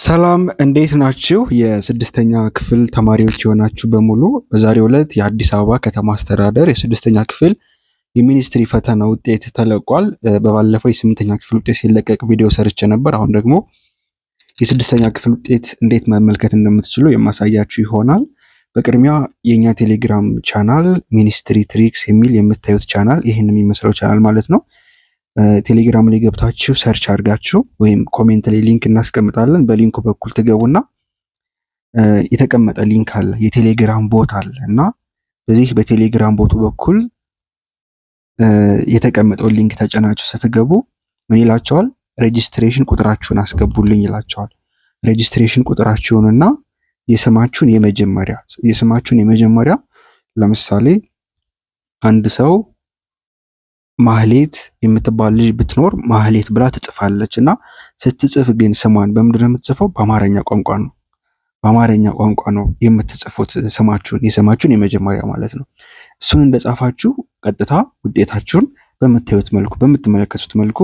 ሰላም እንዴት ናችሁ? የስድስተኛ ክፍል ተማሪዎች የሆናችሁ በሙሉ በዛሬው ዕለት የአዲስ አበባ ከተማ አስተዳደር የስድስተኛ ክፍል የሚኒስትሪ ፈተና ውጤት ተለቋል። በባለፈው የስምንተኛ ክፍል ውጤት ሲለቀቅ ቪዲዮ ሰርቼ ነበር። አሁን ደግሞ የስድስተኛ ክፍል ውጤት እንዴት መመልከት እንደምትችሉ የማሳያችሁ ይሆናል። በቅድሚያ የእኛ ቴሌግራም ቻናል ሚኒስትሪ ትሪክስ የሚል የምታዩት ቻናል ይህን የሚመስለው ቻናል ማለት ነው ቴሌግራም ላይ ገብታችሁ ሰርች አድርጋችሁ ወይም ኮሜንት ላይ ሊንክ እናስቀምጣለን። በሊንኩ በኩል ትገቡና የተቀመጠ ሊንክ አለ፣ የቴሌግራም ቦት አለ እና በዚህ በቴሌግራም ቦቱ በኩል የተቀመጠውን ሊንክ ተጭናችሁ ስትገቡ ምን ይላቸዋል? ሬጅስትሬሽን ቁጥራችሁን አስገቡልኝ ይላቸዋል። ሬጅስትሬሽን ቁጥራችሁንና የስማችሁን የመጀመሪያ የስማችሁን የመጀመሪያ ለምሳሌ አንድ ሰው ማህሌት የምትባል ልጅ ብትኖር ማህሌት ብላ ትጽፋለች እና ስትጽፍ ግን ስሟን በምንድን ነው የምትጽፈው? በአማርኛ ቋንቋ ነው። በአማርኛ ቋንቋ ነው የምትጽፉት ስማችሁን፣ የስማችሁን የመጀመሪያ ማለት ነው። እሱን እንደጻፋችሁ ቀጥታ ውጤታችሁን በምታዩት መልኩ በምትመለከቱት መልኩ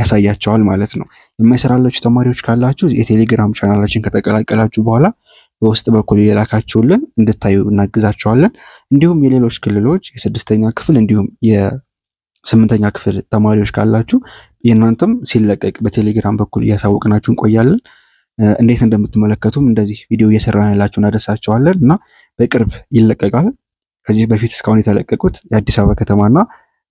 ያሳያቸዋል ማለት ነው። የማይሰራላችሁ ተማሪዎች ካላችሁ የቴሌግራም ቻናላችን ከተቀላቀላችሁ በኋላ በውስጥ በኩል የላካችሁልን እንድታዩ እናግዛቸዋለን። እንዲሁም የሌሎች ክልሎች የስድስተኛ ክፍል እንዲሁም ስምንተኛ ክፍል ተማሪዎች ካላችሁ የእናንተም ሲለቀቅ በቴሌግራም በኩል እያሳወቅናችሁ እንቆያለን። እንዴት እንደምትመለከቱም እንደዚህ ቪዲዮ እየሰራንላችሁ እናደርሳቸዋለን። እና በቅርብ ይለቀቃል። ከዚህ በፊት እስካሁን የተለቀቁት የአዲስ አበባ ከተማና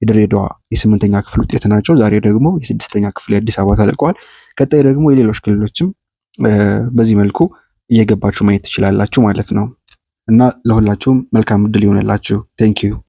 የድሬዳዋ የስምንተኛ ክፍል ውጤት ናቸው። ዛሬ ደግሞ የስድስተኛ ክፍል የአዲስ አበባ ተለቀዋል። ቀጣይ ደግሞ የሌሎች ክልሎችም በዚህ መልኩ እየገባችሁ ማየት ትችላላችሁ ማለት ነው እና ለሁላችሁም መልካም ዕድል ይሆንላችሁ። ቴንክ ዩ